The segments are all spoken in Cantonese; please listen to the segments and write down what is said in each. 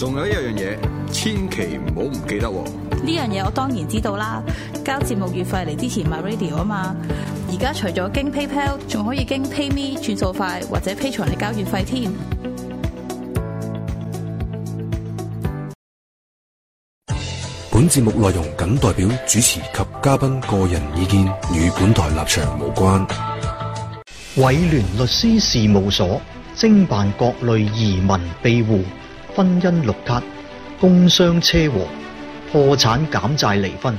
仲有一樣嘢，千祈唔好唔記得喎！呢樣嘢我當然知道啦，交節目月費嚟支持 My Radio 啊嘛！而家除咗經 PayPal，仲可以經 PayMe 轉數快，或者 Patreon 嚟交月費添。本節目內容僅代表主持及嘉賓個人意見，與本台立場無關。委聯律師事務所，精辦各類移民庇護。婚姻、綠卡、工傷、車禍，破產減債，離婚，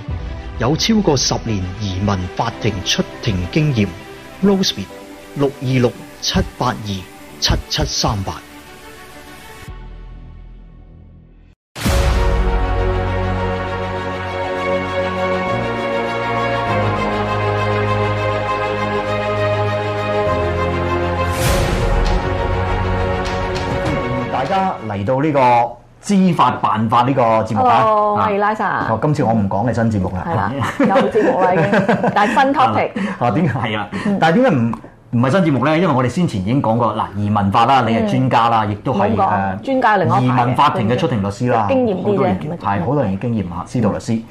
有超過十年移民法庭出庭經驗，Rosie e 六二六七八二七七三八。到呢個知法辦法呢個節目啦。Hello，艾拉哦，今次我唔講嘅新節目啦。係啦、啊，有節目嚟但係新 topic。點解係啊？但係點解唔唔係新節目咧？因為我哋先前已經講過嗱、啊，移民法啦，你係專家啦，亦都係誒專家。移民法庭嘅出庭律師啦，經驗啲係好多人嘅、啊、對經驗道啊，司徒律師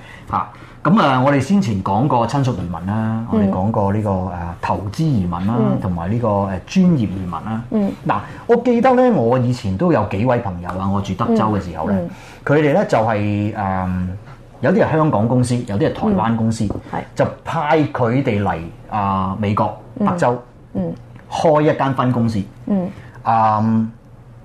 咁啊！嗯、我哋先前講過親屬移民啦、啊，我哋講過呢個誒投資移民啦，同埋呢個誒專業移民啦、啊。嗱、嗯啊，我記得呢，我以前都有幾位朋友啊，我住德州嘅時候呢，佢哋、嗯嗯、呢就係、是、誒、嗯、有啲係香港公司，有啲係台灣公司，嗯、就派佢哋嚟啊美國德州、嗯嗯、開一間分公司。嗯、嗯，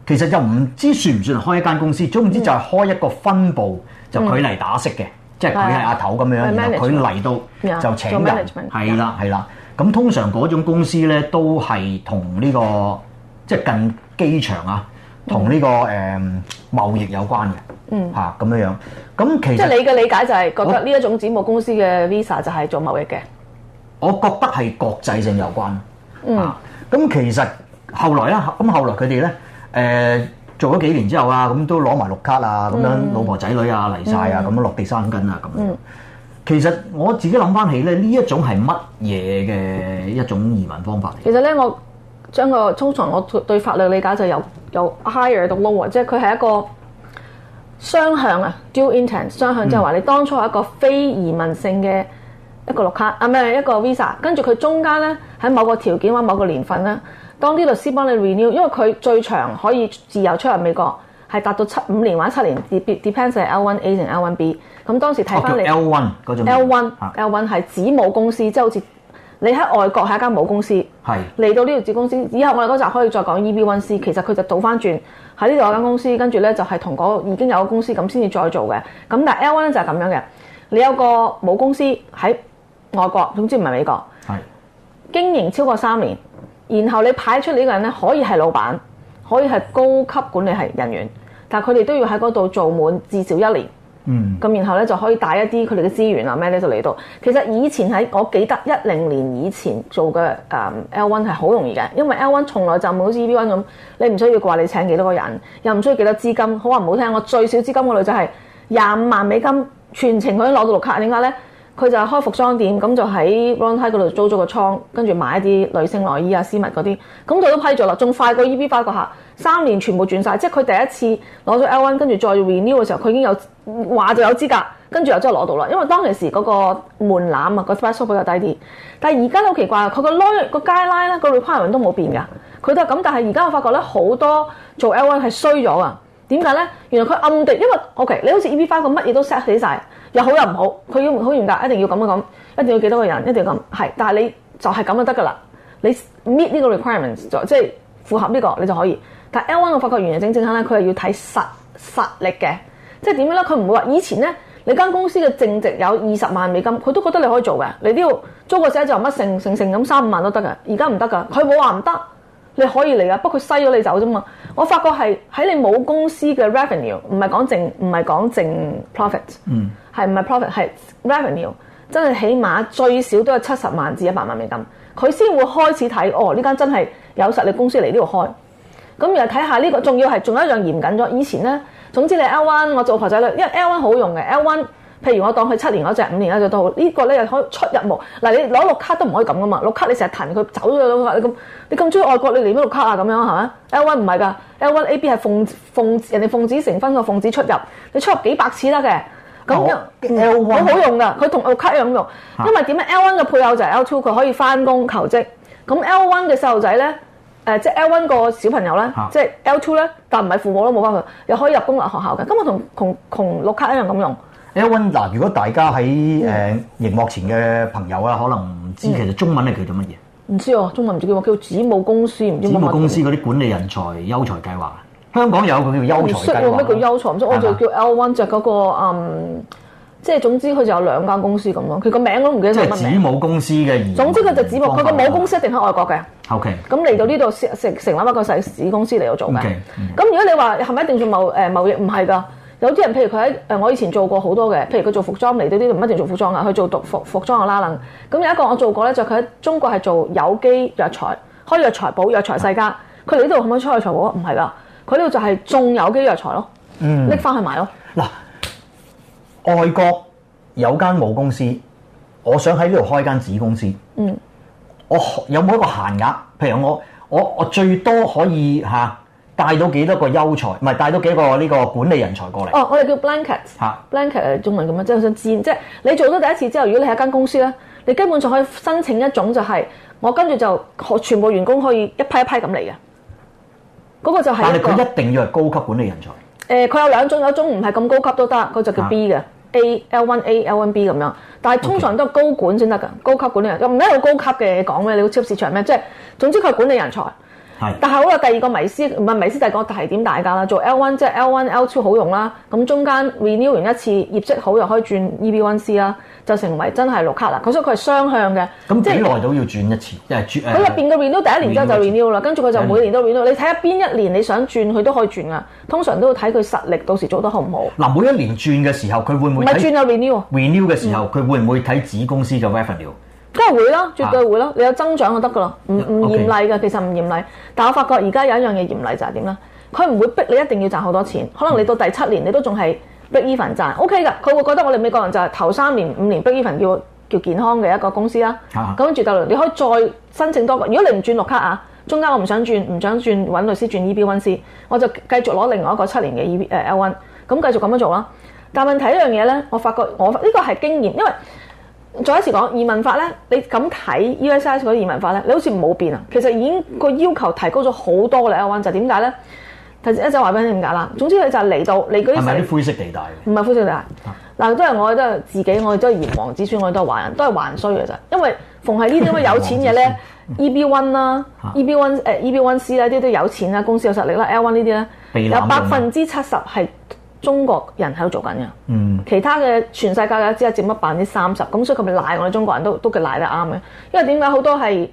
其實就唔知算唔算開一間公司，總之就係開一個分部，嗯、就佢嚟打識嘅。即係佢係阿頭咁樣，然後佢嚟是到就請人，係啦，係啦。咁通常嗰種公司咧，都係同呢個即係近機場啊，同呢、呢個誒、嗯嗯、貿易有關嘅，嚇咁樣樣。咁其實即係你嘅理解就係、是、我覺得呢一種子母公司嘅 Visa 就係做貿易嘅。我覺得係國際性有關。啊、嗯。咁、嗯、其實後來咧，咁後來佢哋咧，誒、呃。做咗幾年之後啊，咁都攞埋綠卡啊，咁樣、嗯、老婆仔女啊嚟晒啊，咁樣落地生根啊，咁樣。嗯、其實我自己諗翻起咧，呢一種係乜嘢嘅一種移民方法嚟？其實咧，我將個通常我對法律理解就由由 higher 到 lower 即係佢係一個雙向啊，dual intent 雙向，即係話你當初係一個非移民性嘅一個綠卡啊，唔係一個 visa，跟住佢中間咧喺某個條件或某個年份咧。當啲律師幫你 renew，因為佢最長可以自由出入美國係達到七五年，或者七年，Depends 係 L one A 定 L one B。咁當時睇翻你 L one 嗰種 L one，L one 係子母公司，即係好似你喺外國係一間母公司，係嚟是到呢度子公司。以後我哋嗰集可以再講 EB one C，其實佢就倒翻轉喺呢度有間公司，跟住咧就係同嗰已經有一個公司咁先至再做嘅。咁但係 L one 咧就係咁樣嘅，你有個母公司喺外國，總之唔係美國，係是經營超過三年。然後你派出呢個人咧，可以係老闆，可以係高級管理系人員，但係佢哋都要喺嗰度做滿至少一年。嗯，咁然後咧就可以帶一啲佢哋嘅資源啊咩咧就嚟到。其實以前喺我記得一零年以前做嘅 L one 係好容易嘅，因為 L one 從來就冇好似 E B one 咁，你唔需要話你請幾多個人，又唔需要幾多資金。好話唔好聽，我最少資金嘅女仔係廿五萬美金，全程佢都攞到綠卡。點解咧？佢就開服裝店，咁就喺 Bronx 嗰度租咗個倉，跟住買一啲女性內衣啊、私密嗰啲，咁佢都批咗啦。仲、e、快過 EB Five 個客，三年全部轉晒，即係佢第一次攞咗 L1 跟住再 renew 嘅時候，佢已經有話就有資格，跟住又真係攞到啦。因為當其時嗰個門檻啊，個 special e 比較低啲。但係而家好奇怪啊，佢個 L1 個 guideline 咧，requirement 都冇變噶，佢都係咁。但係而家我發覺咧，好多做 L1 係衰咗啊！點解咧？原來佢暗地因為 OK，你好似 EB Five 個乜嘢都 set 起晒。又好又唔好，佢要好嚴格，一定要咁樣咁，一定要幾多個人，一定要咁，係。但係你就係咁就得㗎啦，你 meet 呢個 requirements 就即係符合呢個，你就可以。但係 L one 我發覺完形正正咧，佢係要睇實實力嘅，即係點樣咧？佢唔會話以前咧，你間公司嘅淨值有二十萬美金，佢都覺得你可以做嘅，你都要租個寫字樓乜成成成咁三五萬都得㗎。而家唔得㗎，佢冇話唔得。你可以嚟㗎，不過佢篩咗你走啫嘛。我發覺係喺你冇公司嘅 revenue，唔係講淨，唔係講淨 profit，嗯，係唔係 profit 係 revenue，真係起碼最少都有七十萬至一百萬美金，佢先會開始睇哦。呢間真係有實力公司嚟呢度開。咁又睇下呢個，仲要係仲有一樣嚴謹咗。以前咧，總之你 L one，我做婆仔女，因為 L one 好用嘅，L one。譬如我當佢七年嗰隻五年嗰隻都好，這個，呢個咧又可以出入模嗱，你攞綠卡都唔可以咁噶嘛？綠卡你成日騰佢走咗去咁，你咁中意外國，你離咩綠卡啊？咁樣係咪 L one 唔係㗎，L one A B 係奉奉人哋奉子成婚個奉子出入，你出入幾百次得嘅，咁好好用㗎。佢同綠卡一樣用，因為點咧、啊、L one 嘅配偶就係 L two，佢可以翻工求職咁。L one 嘅細路仔咧，誒即係 L one 個小朋友咧，即係 L two 咧、啊，但唔係父母都冇包佢，又可以入公立學校嘅，咁同同同綠卡一樣咁用。1 L one 嗱，如果大家喺誒熒幕前嘅朋友啊，可能唔知其實中文係叫做乜嘢？唔、嗯、知哦，中文唔知叫乜，叫子母公司唔知，知什麼什麼。子母公司嗰啲管理人才優才計劃，香港有個叫優才計劃。咩懂、啊、叫優才唔知吧我就叫 L one 就嗰個嗯，即係總之佢就有兩間公司咁咯。佢個名我都唔記得，即係子母公司嘅，總之佢就係子母公司，佢法個母公司一定喺外國嘅。OK，咁嚟到呢度成成成立一個細子公司嚟到做嘅。咁如果你話係咪一定做貿誒貿易？唔係㗎。有啲人，譬如佢喺誒，我以前做過好多嘅，譬如佢做服裝嚟到呢度，唔一定做服裝啊，去做毒服服裝嘅拉冷。咁有一個我做過咧，就佢、是、喺中國係做有機藥材，開藥材保藥材世家，佢嚟呢度可唔可以出去藥材保？唔係噶，佢呢度就係種有機藥材咯，拎翻、嗯、去賣咯。嗱，外國有間母公司，我想喺呢度開間子公司。嗯，我有冇一個限額？譬如我我我最多可以嚇？啊帶到幾多個優才，唔係帶到幾個呢個管理人才過嚟？哦，我哋叫 blanket，blanket、啊、中文咁樣，即係我想試，即、就、係、是、你做咗第一次之後，如果你係一間公司咧，你根本上可以申請一種、就是，就係我跟住就全部員工可以一批一批咁嚟嘅。嗰、那個就係，但係佢一定要高級管理人才。誒、呃，佢有兩種，一種唔係咁高級都得，嗰就叫 B 嘅、啊、，A、L one A、L one B 咁樣。但係通常都係高管先得㗎，Okay. 高級管理人，又唔係好高級嘅講嘅。你要超市場咩？即係總之佢係管理人才。是但係好啦，第二個迷思唔係迷思就係講提點大家啦。做 L one 即係 L one、L two 好用啦，咁中間 renew 完一次業績好又可以轉 EB one C 啦，就成為真係綠卡啦。佢所以佢係雙向嘅，即係幾耐都要轉一次？即係佢入面嘅 renew 第一年之後就，就 renew 啦，跟住佢就每年都 renew。你睇下邊一年你想轉佢都可以轉啊。通常都要睇佢實力到時做得好唔好。嗱，每一年轉嘅時候佢會唔會？唔係轉啊 re renew。renew 嘅時候佢會唔會睇子公司嘅 revenue？梗係會啦，絕對會啦。啊、你有增長就得噶啦，唔唔嚴厲嘅，Okay. 其實唔嚴厲。但我發覺而家有一樣嘢嚴厲就係點咧？佢唔會逼你一定要賺好多錢，可能你到第七年你都仲係 break even 賺，OK 噶。佢會覺得我哋美國人就係頭三年五年 break even 叫叫健康嘅一個公司啦。咁跟住就你可以再申請多個。如果你唔轉綠卡啊，中間我唔想轉，唔想轉揾律師轉 EB1C，我就繼續攞另外一個七年嘅 EB 誒 L1，咁繼續咁樣做啦。但係問題一樣嘢咧，我發覺我呢、呢個係經驗，因為。再一次講移民法咧，你咁睇 USIS 嗰啲移民法咧，你好似唔好變啊，其實已經個要求提高咗好多嘅 L one 就點解咧？一陣話俾你點解啦？總之佢就嚟到你嗰啲，係咪啲灰色地帶？唔係灰色地帶。嗱、啊，都係我都係自己，我哋都係炎黃子孫，我哋都係華人，都係還衰嘅啫。因為逢係呢啲咁嘅有錢嘅咧，EB one 啦、呃、，EB one EB one C 呢、啊、啲都有錢啦、啊，公司有實力啦、啊、，L one 呢啲咧，備攬 有百分之七十係。中國人喺度做緊嘅，嗯、其他嘅全世界嘅只係佔咗百分之三十，咁所以佢咪賴我哋中國人，都都佢賴得啱嘅。因為點解好多係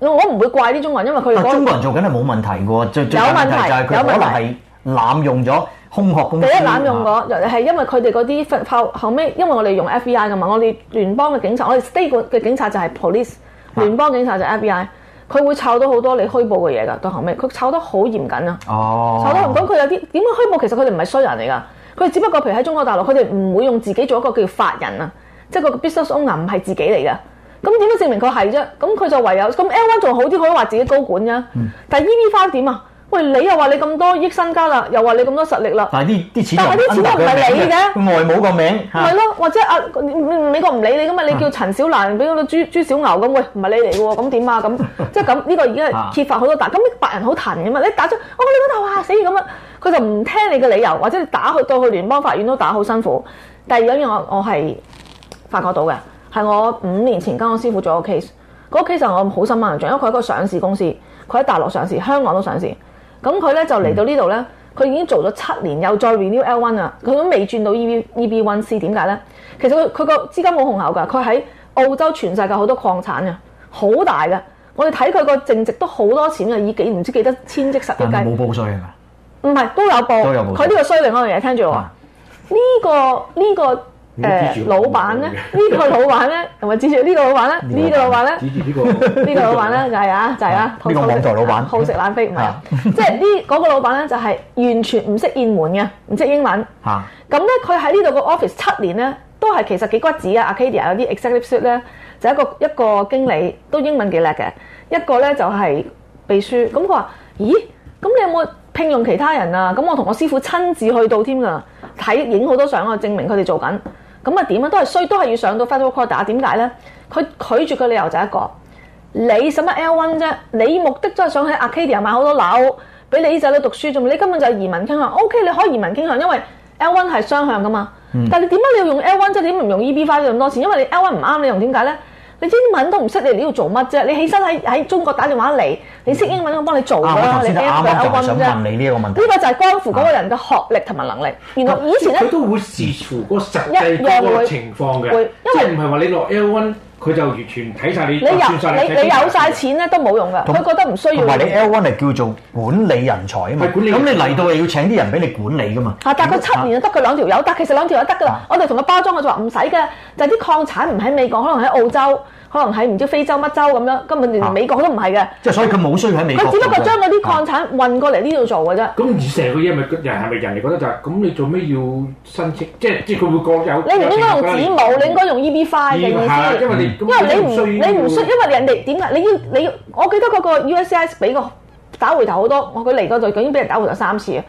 我唔會怪啲中國人，因為佢嗰、那個。中國人做緊係冇問題嘅喎，最有，問最有問題就有問題可能係濫用咗空殼公司。第一濫用過，就係因為佢哋嗰啲後後尾，因為我哋用 FBI 嘅嘛，我哋聯邦嘅警察，我哋 state 嘅警察就係 police，麼聯邦警察就係 FBI，佢會炒到好多你虛報嘅嘢㗎，到後尾佢炒得好嚴謹啊，炒到唔講佢有啲點解虛報，其實佢哋唔係衰人嚟㗎。佢只不過譬如喺中國大陸，佢哋唔會用自己做一個叫法人啊，即係個 business owner 唔係自己嚟嘅。咁點樣證明佢係啫？咁佢就唯有咁 L1 仲好啲，可以話自己高管啫、啊。嗯、但係、e、EB 花點啊？喂，你又話你咁多億身家啦，又話你咁多實力啦，但係啲啲錢,但錢、嗯，但啲錢都唔係你嘅外母個名。唔係咯，或者阿、啊、美國唔理你噶嘛？你叫陳小蘭，俾到朱朱小牛咁喂，唔係你嚟嘅喎，咁點啊？咁即係咁呢個而家揭發好多大，大係咁啲白人好彈噶嘛？你打咗我、哦，你嗰頭嚇死咁啊！佢就唔聽你嘅理由，或者你打去到去聯邦法院都打好辛苦。第二樣嘢，我我係發覺到嘅，係我五年前跟我師傅做一個 case, 個 case。嗰 case 我好心硬，仲因為佢係一個上市公司，佢喺大陸上市，香港都上市。咁佢咧就嚟到呢度咧，佢已經做咗七年，又再 renew L one 啊，佢都未轉到 EB EB one C 點解咧？其實佢佢個資金好雄厚㗎，佢喺澳洲全世界好多礦產㗎，好大㗎。我哋睇佢個淨值都好多錢嘅，以幾唔知幾多千億十億計。冇報稅啊！唔係都有報佢呢個衰另外一樣聽住我呢個呢個誒老闆咧呢個老闆咧同埋指住呢個老闆咧呢個老闆咧呢個老闆咧就係啊就係啊呢個網台老闆好食懶飛唔係即係呢嗰個老闆咧就係完全唔識英文嘅唔識英文嚇咁咧佢喺呢度個 office 七年咧都係其實幾骨子啊 Arcadia 有啲 executive suit 咧就一個一個經理都英文幾叻嘅一個咧就係秘書咁佢話咦咁你有冇？聘用其他人啊，咁我同我師傅親自去到添噶，睇影好多相啊，證明佢哋做緊咁啊。點啊，都係需都係要上到 federal court。點解咧？佢拒絕嘅理由就一個，你使乜 L one 啫？你目的都係想喺 Arcadia 買好多樓，俾你仔女讀書做咩？你根本就係移民傾向。O、OK, K，你可以移民傾向，因為 L one 係雙向噶嘛。嗯、但係你點解你要用 L one 啫？點唔用 E B 5花咗咁多錢？因為你 L one 唔啱你用呢，點解咧？你英文都唔識，你嚟呢度做乜啫？你起身喺喺中國打電話嚟，你識英文我幫你做啊！你落 L1 啫，呢個就係關乎嗰個人嘅學歷同埋能力。原來以前咧，佢都會視乎個實際情況嘅，因為唔係話你落 L1。佢就完全睇晒你，你有、啊、你你，你有晒錢咧都冇用噶，佢和覺得唔需要。同埋你 L one 係叫做管理人才啊嘛，咁你嚟到又要請啲人俾你管理噶嘛。啊，但佢七年就得佢、啊、兩條友得，其實兩條友得噶啦。啊、我哋同佢包裝，我就話唔使嘅，就係、是、啲礦產唔喺美國，可能喺澳洲。可能喺唔知非洲乜州咁樣，根本連美國都唔係嘅。即係、啊、所以佢冇需要喺美國。佢只不過將嗰啲礦產運過嚟呢度做嘅啫。咁而成個因為人係咪人哋覺得就係、是、咁？你做咩要申請？即係即係佢會過有。你唔應該用紙母，你應該用 EB5 嘅意思。因為你因為你唔你唔需因為人哋點解你要你要？我記得嗰個 USIS 俾個打回頭好多，我佢嚟嗰度已經俾人打回頭三次啊！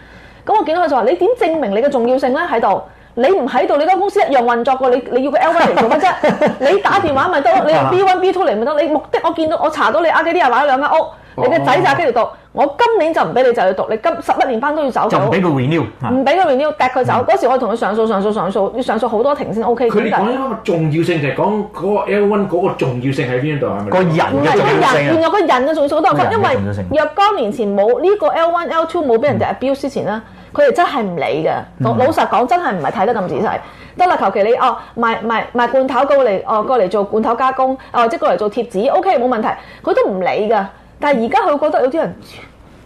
咁我見到佢就話：你點證明你嘅重要性咧？喺度。你唔喺度，你間公司一樣運作過。你你要個 L one 嚟做乜啫？你打電話咪得咯，你用 B one B two 嚟咪得。你目的我見到，我查到你阿幾啲又買咗兩間屋，你嘅仔就喺度讀。我今年就唔俾你，就要讀。你今十一年班都要走。就唔俾佢 renew，唔俾佢 renew，踢佢走。嗰時我同佢上訴，上訴，上訴，要上訴好多庭先 OK。佢呢個重要性就係講嗰個 L one 嗰個重要性喺邊度？係咪個人嘅重要性，原來個人嘅重要性都係因為若干年前冇呢個 L one L two 冇俾人哋 abuse 之前啦。佢哋真係唔理嘅，老老實講真係唔係睇得咁仔細。得啦，求其你哦賣賣賣罐頭你、哦、過嚟哦過嚟做罐頭加工，哦即過嚟做貼紙，O K 冇問題。佢都唔理嘅。但係而家佢覺得有啲人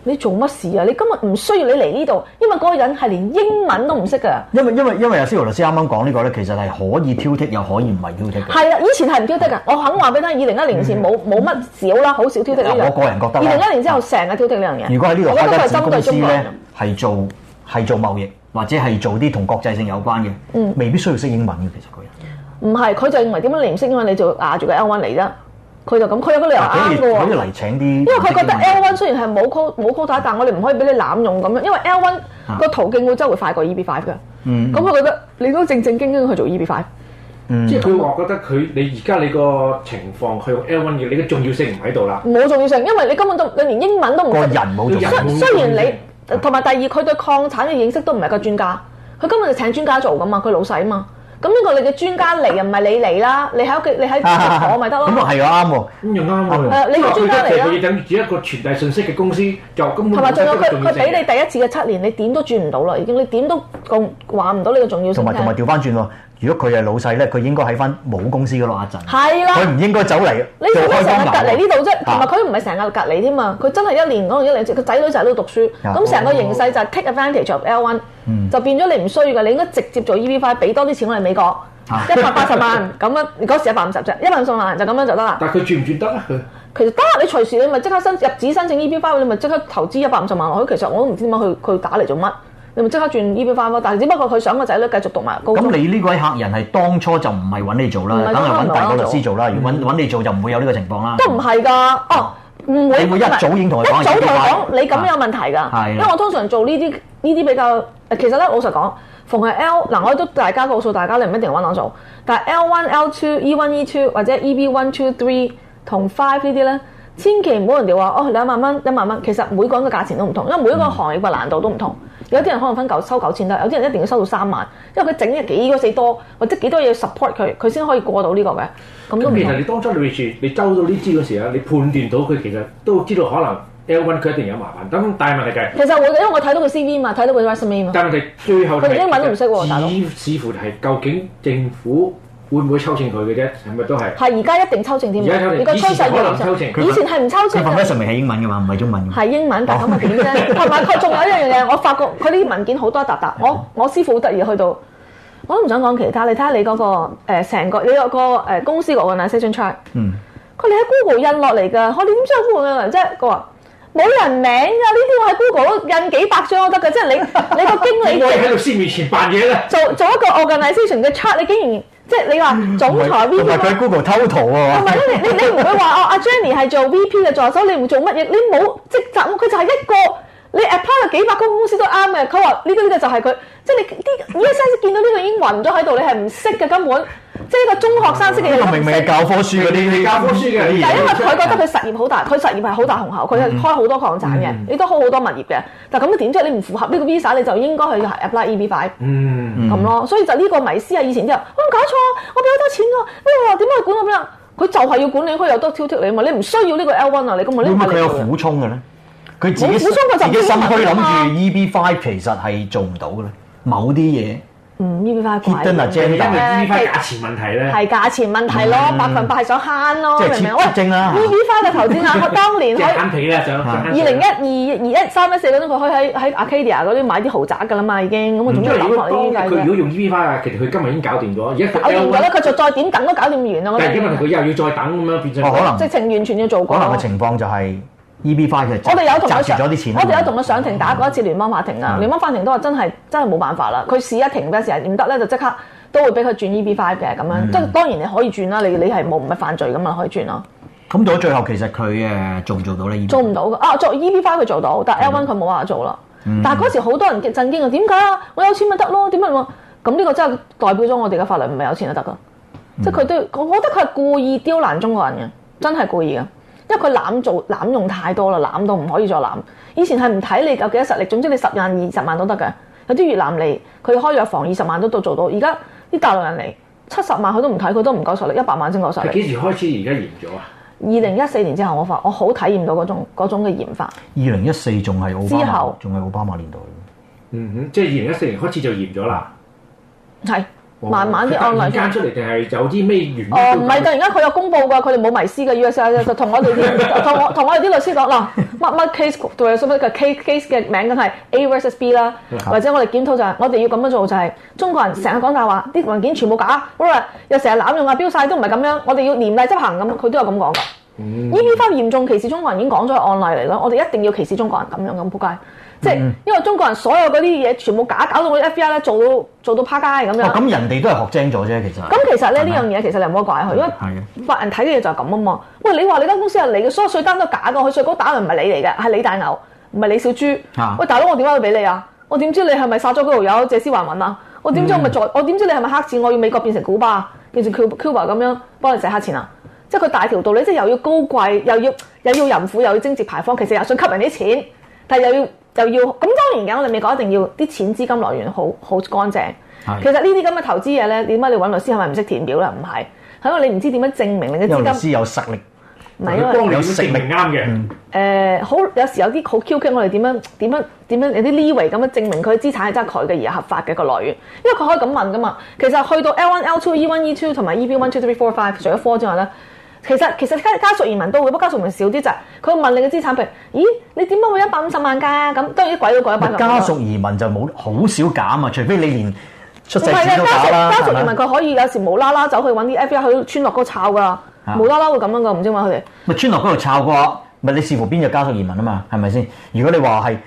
你做乜事啊？你今日唔需要你嚟呢度，因為嗰個人係連英文都唔識嘅。因為因為因為阿施華律師啱啱講呢個咧，其實係可以挑剔又可以唔挑剔的。係啦，以前係唔挑剔嘅，我肯話俾你聽，二零一年前冇冇乜少啦，好少挑剔呢、這、樣、個、我個人覺得二零一年之後成日挑剔呢樣嘢。如果喺呢個開發設計公司咧，係做。係做貿易或者係做啲同國際性有關嘅，未必需要識英文嘅。其實人，唔係，佢就認為點解你唔識英文，你就亞住個 L one 嚟啫。佢就咁，佢有個理由啱嘅喎。譬可以嚟請啲，因為佢覺得 L one 雖然係冇 call 冇 a 但係我哋唔可以俾你濫用咁樣，因為 L one 個途徑會真係快過 EB five 嘅。咁佢、嗯嗯、覺得你都正正經經去做 EB five。即係佢話覺得佢你而家你個情況佢用 L one 嘅，你嘅重要性唔喺度啦。冇重要性，因為你根本都你連英文都唔識。個人冇啲人，雖然你。同埋第二，佢對礦產嘅認識都唔係個專家，佢根本就請專家做噶嘛，佢老細啊嘛。咁呢個你嘅專家嚟，又唔係你嚟啦。你喺屋企，你喺度我咪得咯。咁啊係啊啱喎，咁用啱喎。你個專家嚟佢就係要等只一個傳遞信息嘅公司，就根本同埋仲有佢，佢俾你第一次嘅七年，你點都轉唔到啦，已經，你點都講話唔到呢個重要性。同埋同埋調翻轉喎。如果佢係老細咧，佢應該喺翻母公司嗰度壓陣。係啦，佢唔的應該走嚟做開封，唔係成日隔離呢度啫，同埋佢唔係成日隔離添嘛。佢真係一年嗰陣一年，佢仔女就喺度讀書。咁成的個形勢就 take advantage of L1，、嗯、就變咗你唔需要噶，你應該直接做 EB five 俾多啲錢我哋美國一百八十萬咁樣住住，你嗰時一百五十隻一輪送爛就咁樣就得啦。但係佢轉唔轉得咧？其實得，你隨時你咪即刻申入紙申請 EB five 你咪即刻投資一百五十萬落去。其實我都唔知點解佢佢打嚟做乜。你咪即刻轉 EB five 咯，但係只不過佢想個仔女繼續讀埋高。咁你呢位客人係當初就唔係揾你做啦，梗係揾大個律師做啦。嗯、如果揾你做就唔會有呢個情況啦。都唔係㗎，哦，唔會。你會一早已同佢講，是是一早同佢講你咁有問題㗎。係、啊。因為我通常做呢啲呢啲比較，其實咧老實講，逢係 L 嗱，我都大家告訴大家你唔一定揾我做，但係 L one、L two、E one、E two 或者 EB one、two、three 同 five 呢啲咧，千祈唔好人哋話哦兩萬蚊一萬蚊，其實每個人嘅價錢都唔同，因為每一個行業嘅難度都唔同。嗯有啲人可能分九收九千多，有啲人一定要收到三萬，因為佢整日幾多死多，或者幾多嘢 support 佢，佢先可以過到呢、這個嘅。咁都變，其實你當初你 r e 你收到呢支嗰時啊，你判斷到佢其實都知道可能 L1 佢一定有麻煩，咁但係問題係其實我因為我睇到佢 CV 嘛，睇到佢 resume 嘛。但係最後佢、就、哋、是、英文都唔識喎，大佬。似乎係究竟政府。會唔會抽正佢嘅啫？係咪都係？係而家一定抽正添。而家抽正。以前可能唔抽正。以前係唔抽正。佢份文件係英文嘅嘛，唔係中文。係英文，但係咁咪點咧？同埋佢仲有一樣嘢，我發覺佢呢啲文件好多沓沓的。我我師傅好得意去到，我都唔想講其他。你睇下你嗰、嗰個成、呃、個你有、嗰個誒、呃、公司 Organization chart。嗯。佢哋喺 Google 印落嚟㗎，我點知有個人啫？佢話冇人名㗎，呢啲我喺 Google 印幾百張都得㗎，即係你你個經理喺度先面前扮嘢咧。做做一個 Organization 嘅 chart，你竟然～即係你話，總裁 VP，唔係佢 Google 偷圖啊！唔係，你你你唔會話哦，阿、 啊、Jenny 係做 VP 嘅助手，你唔做乜嘢？你冇職責，佢就係一個，你 apply 幾百個公司都啱嘅。佢話呢個呢個就係佢，即係你啲一 size 見到呢個已經暈咗喺度，你係唔識嘅根本。 即係個中學生式嘅嘢，明明係教科書嗰啲，教科書嘅嘢。但因為佢覺得佢實業好大，佢實業係好大雄厚，佢開好多礦產嘅，你都開好多物業嘅。但係咁嘅點即係你唔符合呢個 visa，你就應該去 apply EB five 咁咯。所以就呢個迷思啊，以前之後，我搞錯，我俾好多錢喎，你話？點解要管我咩啊？佢就係要管理，佢有得挑剔你啊嘛。你唔需要呢個 L one 啊，你咁咪。要。佢有苦衷嘅咧？佢自己自己心虛諗住 EB five 其實係做唔到嘅咧，某啲嘢。嗯，依番決真啊正 James 咧，依番價錢問題咧，係價錢問題咯，百分百係想慳咯，明唔明？ 喂，依番嘅頭先啊，我啦 當年喺二零一二二一三一四嗰陣，佢可以喺喺 Arcadia 嗰啲買啲豪宅㗎啦嘛，已經咁我仲要諗法嚟嘅。佢如果用依番嘅，其實佢今日已經搞掂咗，而家我唔覺佢就再點等都搞掂完啦。我 airport，但係佢又要再等咁樣，變成 nin? 可能即係情完全要做過。可能嘅情況就係、是。EB Five 其實我哋有同佢上，上庭打過一次聯邦法庭啊，聯的邦法庭都話真係真係冇辦法啦。佢試一停嘅時候，唔得咧，就即刻都會俾佢轉 EB Five 嘅咁樣。即係、嗯、當然你可以轉啦，你你係冇唔係犯罪噶嘛，可以轉咯。咁、嗯、到最後其實佢誒、呃、做唔做到咧？做唔到嘅啊，做 EB Five 佢做到，但係 L1 佢冇話做啦。嗯、但係嗰時好多人震驚啊，點解啊？我有錢咪得咯？點解咁呢個真係代表咗我哋嘅法律唔係有錢就得噶，嗯、即係佢都我覺得佢係故意刁難中國人嘅，真係故意嘅。因為佢濫做濫用太多啦，濫到唔可以再濫。以前係唔睇你有幾多實力，總之你十,十萬都他了、二十萬都得嘅。有啲越南嚟，佢開藥房二十萬都都做到。而家啲大陸人嚟，七十萬佢都唔睇，佢都唔夠實力，一百萬先夠實力。幾時開始而家嚴咗啊？二零一四年之後我，我發我好體驗到嗰種嗰種嘅嚴法。二零一四仲係奧巴馬，仲係奧巴馬年代。嗯哼，即係二零一四年開始就嚴咗啦。係。慢慢啲案例，間出嚟定係有啲咩原因？哦，唔係，突然間佢有，、哦、有公佈㗎，佢哋冇迷思㗎。U.S.A. 就同我哋啲同我同我哋啲律師講啦，乜乜 case 對上乜嘅 case 嘅名字，梗係 A versus B 啦。或者我哋檢討就係、是，我哋要咁樣做就係、是，中國人成日講大話，啲文件全部假，我話又成日濫用啊標晒都唔係咁樣，我哋要嚴厲執行咁。佢都有咁講㗎。E.P.F.、嗯、嚴重歧視中國人已經講咗案例嚟咯，我哋一定要歧視中國人咁樣咁撲街。即係因為中國人所有嗰啲嘢全部假，搞到我啲 FBI 咧做到做到趴街咁樣。咁、哦、人哋都係學精咗啫，其實。咁其實咧呢兩樣嘢其實你唔好怪佢，因為法人睇嘅嘢就係咁啊嘛。喂，你話你間公司係你嘅，所有稅單都假嘅，佢稅哥打人唔係你嚟嘅，係李大牛，唔係李小豬。啊、喂大佬，我點解會俾你是是啊？我點知你係咪耍咗嗰條友借屍還魂啊？我點知我咪在？嗯、我點知你係咪黑錢？我要美國變成古巴，變成 Cuba, Cuba 咁樣幫你洗黑錢啊？即係佢大條道理，即係又要高貴，又要又要淫婦，又要貞節牌坊，其實又想吸人啲錢，但係又要。就要咁當然嘅，我哋未講一定要啲錢資金來源好好乾淨。的其實呢啲咁嘅投資嘢咧，點解你搵律師係咪唔識填表啦？唔係，因為你唔知點樣證明你嘅資金。有律師有實力，唔係是因為有實力啱嘅、嗯呃。好有時候有啲好 QK 我哋點樣點樣，點樣有啲 leeway 咁樣證明佢資產係真係佢嘅而合法嘅、個來源，因為佢可以咁問噶嘛。其實去到 L one、L two、E one、E two 同埋 EB one、two、three、four、five，除咗 four 之外咧。其實其實家家屬移民都會，不過家屬移民少啲咋。佢問你嘅資產譬如，咦，你點解會一百五十萬㗎？咁當然啲鬼都過一百萬。家屬移民就冇好少減啊，除非你連出世錢屬都減啦。家屬移民佢可以有時無啦啦走去揾啲 FV 去村落嗰度炒㗎，啊、無啦啦會咁樣㗎，唔知嘛佢哋。咪村落嗰度炒嘅話，咪你視乎邊隻家屬移民啊嘛，係咪先？如果你話係。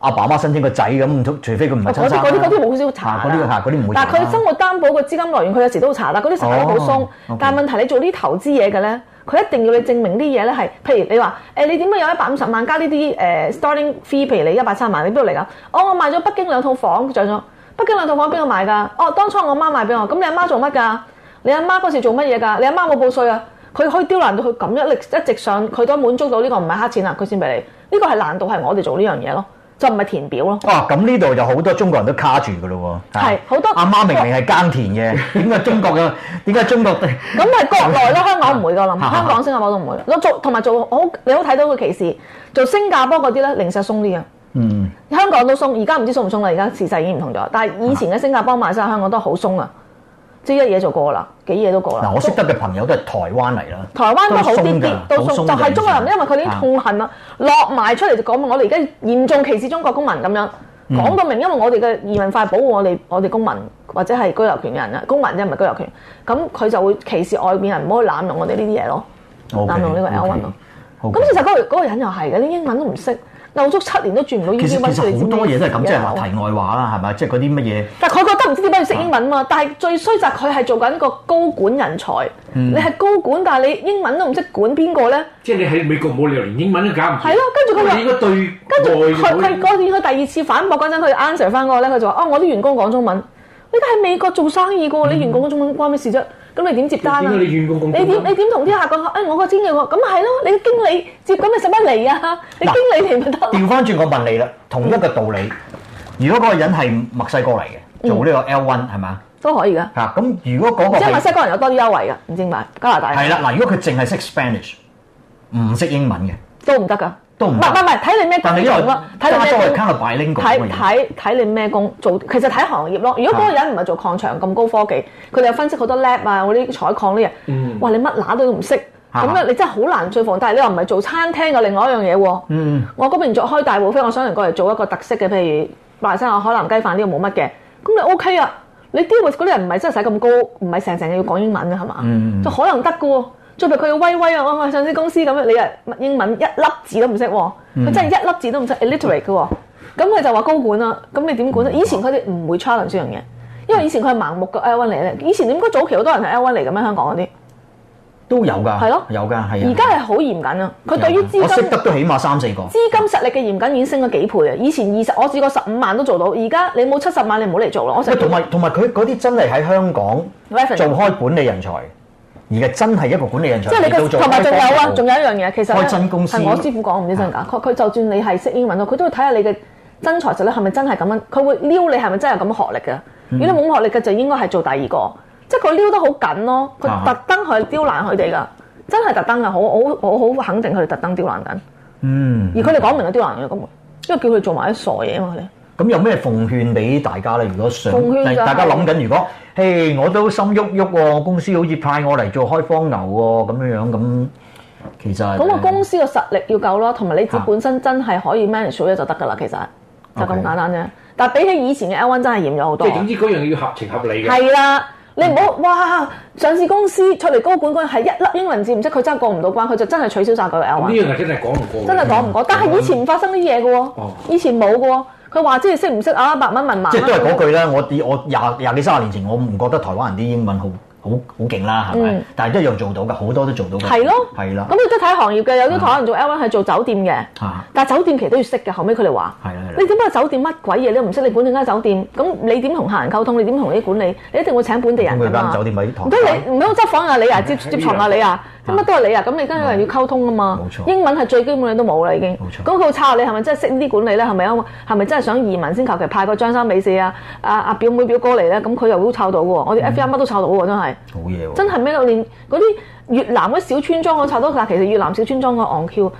阿爸媽申請個仔咁，除非佢唔、啊、查。嗰啲嗰啲嗰冇少查嗰啲啲唔會查。但係佢生活擔保嘅資金來源，佢有時都查啦。嗰啲實在好鬆。哦 okay、但係問題你做啲投資嘢嘅咧，佢一定要你證明啲嘢咧係，譬如你話，誒你點解有一百五十萬加呢啲誒 starting fee？譬如你一百三萬，你邊度嚟㗎？哦，我買咗北京兩套房，著咗。北京兩套房邊度買㗎？哦，當初我媽賣俾我。咁你阿媽做乜㗎？你阿媽嗰時做乜嘢㗎？你阿媽冇報稅啊？佢可以刁難到佢咁一力一直上，佢都滿足到呢、呢個唔係黑錢啦，佢先俾你。呢、呢個係難度係我哋做呢樣嘢囉。就唔係填表咯。哇、啊！咁呢度就好多中國人都卡住㗎咯喎。好多。阿媽，媽明明係耕田嘅，點解中國嘅？點解中國？咁係國，國內咯， 香港唔會噶啦，啊啊、香港、新加坡都唔會。做同埋做好，你好睇到個歧視。做新加坡嗰啲咧，零舍鬆啲嘅。嗯香鬆鬆。香港都鬆，而家唔知鬆唔鬆啦。而家事勢已經唔同咗，但係以前嘅新加坡賣曬香港都好鬆啊。啊呢一嘢就過啦，幾嘢都過啦。嗱，我識得嘅朋友都係台灣嚟啦，都台灣好點點都好啲啲，都鬆就係中國人，因為佢哋已經痛恨啦，啊、落埋出嚟就講，我哋而家嚴重歧視中國公民咁樣講到、嗯、明，因為我哋嘅移民法保護我哋，我哋公民或者係居留權嘅人啊，公民即係唔係居留權，咁佢就會歧視外邊人，唔可以濫用我哋呢啲嘢咯，okay, 濫用呢個 L1 咯。咁事 okay, okay. 實嗰個人又係嘅，啲英文都唔識。扭足七年都轉唔到英文，其實好多嘢都係咁，即係話題外話啦，係咪、啊？吧即係嗰啲乜嘢？但係佢覺得唔知點解要識英文嘛？啊、但係最衰就佢係做緊一個高管人才，嗯、你係高管，但係你英文都唔識管邊個咧？即係你喺美國冇理由連英文都搞唔？係咯，跟住佢話，跟住對跟佢佢嗰陣第二次反駁嗰陣，佢 answer 翻嗰咧，佢就話：哦，我啲員工講中文，你喺美國做生意嘅喎，你員工講中文、嗯、關咩事啫？咁你點接單啊？點解你員工咁高？你點你點同啲客講嚇？誒，我個經理我咁咪係咯，你個經理接咁咪使乜嚟啊？你經理嚟咪得。調翻轉我問你啦，同一個道理。如果嗰個人係墨西哥嚟嘅，做呢個 L1 係嘛？都可以噶。嗱，咁如果嗰個即係墨西哥人有多啲優惠㗎，唔知咪加拿大？係啦，嗱，如果佢淨係識 Spanish，唔識英文嘅，都唔得㗎。都唔係，睇你咩工睇你咩工，睇睇睇你咩工，睇你咩工做，其實睇行業咯。如果嗰個人唔係做礦場咁高科技，佢哋有分析好多 lab 啊，啲採礦啲人哇！你乜哪都唔識，咁樣你真係好難追房。但係你又唔係做餐廳嘅另外一樣嘢喎。嗯、我嗰邊做開大埔飛，我想嚟過嚟做一個特色嘅，譬如話生下海南雞飯呢個冇乜嘅，咁你 OK 啊？你 deal with 嗰啲人唔係真係使咁高，唔係成成日要講英文嘅係嘛？嗯、就可能得喎。做埋佢嘅威威啊！我我上市公司咁樣，你啊，英文一粒字都唔識喎，佢、嗯、真係一粒字都唔識，illiterate 嘅喎。咁佢、 哦、就話高管啦、啊，咁你點管啫、啊？以前佢哋唔會 challenge 呢樣嘢，因為以前佢係盲目嘅 L1 嚟咧。以前點解早期好多人係 L1 嚟嘅咩？香港嗰啲都有㗎，係咯的，有㗎，係。而家係好嚴謹啊！佢對於資金，我識得都起碼三四個資金實力嘅嚴謹已經升咗幾倍啊！以前二十，我試過十五萬都做到，而家你冇七十萬你來，你唔好嚟做啦！我同埋同埋佢嗰啲真係喺香港 Re venue. 做開管理人才。而係真係一個管理人才，即係你做，同埋仲有啊，仲有一樣嘢，其實係我師傅講，唔知真假。佢佢的就算你係識英文咯，佢都會睇下你嘅真材實料係咪真係咁樣。佢會撩你係咪真有咁嘅學歷嘅？嗯、如果你冇學歷嘅，就應該係做第二個，即係佢撩得好緊咯。佢特登去刁難佢哋㗎，啊、真係特登㗎。好我好我好肯定佢哋特登刁難緊。嗯。而佢哋講明咗刁難嘅咁，嗯、因為佢哋叫佢做埋啲傻嘢啊嘛，佢哋。咁有咩奉勸俾大家咧？如果想奉勸、就係、大家諗緊，如果誒我都心喐喐喎，公司好似派我嚟做開荒牛喎、哦，咁樣樣咁，其實咁個公司嘅實力要夠咯，同埋、啊、你自己本身真係可以 manage 到就得噶啦，其實就咁簡單啫。Okay. 但係比起以前嘅 L one 真係嚴咗好多。即係總之嗰樣要合情合理嘅。係啦，你唔好 Okay. 哇！上市公司出嚟高管嗰陣係一粒英文字唔識，佢真係過唔到關，佢就真係取消晒佢嘅 L one。呢樣真係講唔過，真係講唔過。但係以前唔發生呢啲嘢嘅喎，哦、以前冇嘅喎。佢話即係識唔識啊，百蚊問埋。即係都係嗰句啦。我我廿廿幾三十年前，我唔覺得台灣人啲英文好好好勁啦，係咪？但係一樣做到㗎，好多都做到。係咯。係啦。咁你都睇行業嘅，有啲台灣人做 L1 係做酒店嘅，但係酒店其實都要識嘅。後尾佢哋話，係啦係你點解酒店乜鬼嘢你唔識？你管理間酒店，咁你點同客人溝通？你點同啲管理？你一定會請本地人㗎嘛。間酒店喺台灣。咁你唔好執房啊！你啊接接牀啊你啊！咁乜都係你啊！咁你跟住人要溝通啊嘛，冇錯，英文係最基本嘅都冇啦已經。冇錯，嗰個抄你係咪真係識呢啲管理咧？係咪？係咪真係想移民先？求其派個張三李四啊！阿、啊、阿表妹表哥嚟咧，咁佢又都抄到喎。我哋 FBI 乜、嗯、都抄到喎，真係。好嘢、欸、真係咩都連嗰啲越南嘅啲小村莊我抄多曬，其實越南小村莊個 on call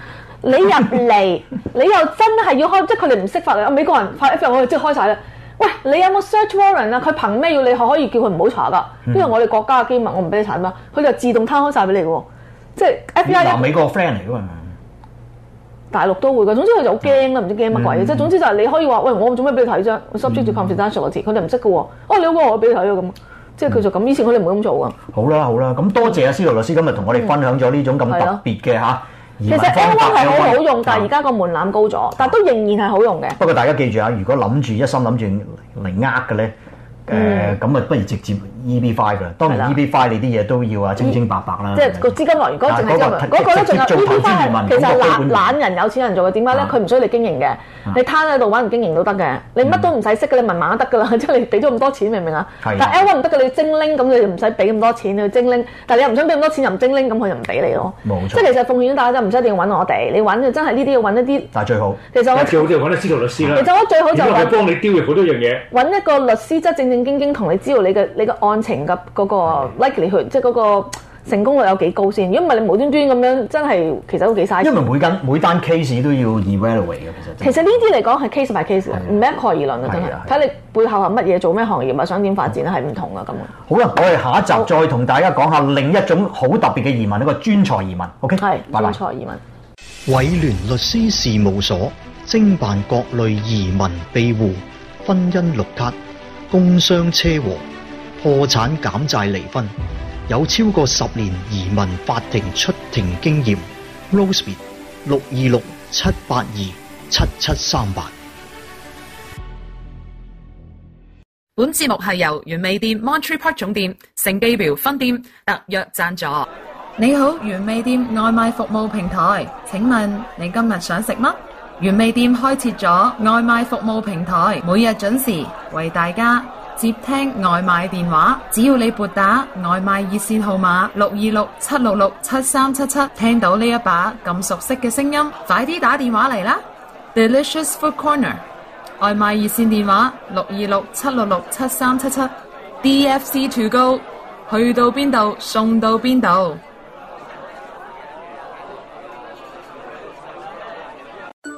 你入嚟你又真係要開，即係佢哋唔識法啊！美國人發 FBI 我哋即係開晒啦。喂，你有冇 search warrant 啊？佢憑咩要你可以叫佢唔好查噶？因為我哋國家嘅機密，我唔俾你查嘛。佢就自動攤開晒俾你嘅喎，即係 FBI 一個美國 friend 嚟嘅嘛。係咪？大陸都會嘅，總之佢就好驚啊，唔知驚乜鬼嘢。即係、嗯、總之就係你可以話，喂，我做咩俾你睇啫？我收住住 computer 上個字，佢哋唔識嘅喎。哦、啊，你好過我俾你睇啊咁，即係佢就咁以前佢哋唔會咁做嘅、嗯嗯。好啦好啦，咁多謝阿司徒律師今日同我哋分享咗呢種咁特別嘅嚇。嗯嗯。其實 A One 係好好用，但係而家個門檻高咗，但都仍然係好用嘅。不過大家記住啊，如果諗住一心諗住嚟呃嘅咧，誒咁咪不如直接。EB Five 嘅，當然 EB Five 你啲嘢都要啊，清清白白啦。即係個資金來源嗰陣。嗰個嗰個咧，仲有 EB Five 係其實懶懶人有錢人做嘅，點解咧？佢唔需要你經營嘅，你攤喺度玩唔經營都得嘅，你乜都唔使識嘅，你文盲得㗎啦。即係你俾咗咁多錢，明唔明啊？但係 L One 唔得嘅，你精靈咁你唔使俾咁多錢，你精靈。但係你又唔想俾咁多錢又唔精靈，咁佢又唔俾你咯。冇錯。即係其實奉勸大家，就唔一定要揾我哋。你揾就真係呢啲要揾一啲。但係最好。其實我最好就揾啲私籌律師啦。其實我最好就揾幫你丟掉好多樣嘢。揾一個律師則正正經經同你，你知道嘅。案情嘅嗰個 likelihood 即係嗰個成功率有幾高先？如果唔係你無端端咁樣，真係其實都幾嘥錢。因為每間每單 case 都要 evaluate 嘅，其實。其實呢啲嚟講係 case by case，唔的一概而論嘅，真係睇你背後係乜嘢，做咩行業，咪想點發展咧，係唔的同嘅，咁好啦，我哋下一集再同大家講下另一種好特別嘅移民，呢個專才移民。OK，係是。Bye 專才移民。Bye bye 委聯律師事務所，精辦各類移民庇護、婚姻綠卡、工商車禍。破產、減債、離婚，有超過十年移民法庭出庭經驗。Roseby 六二六七八二七七三八。本節目係由原味店 Monterey Park 總店、聖蓋博分店特約贊助。你好，原味店外賣服務平台，請問你今日想食乜？原味店開設咗外賣服務平台，每日準時為大家。接聽外賣電話，只要你撥打外賣熱線號碼六二六七六六七三七七，7 7，聽到呢一把咁熟悉嘅聲音，快啲打電話嚟啦！Delicious Food Corner 外賣熱線電話六二六七六六七三七七，D F C To Go，去到邊度送到邊度。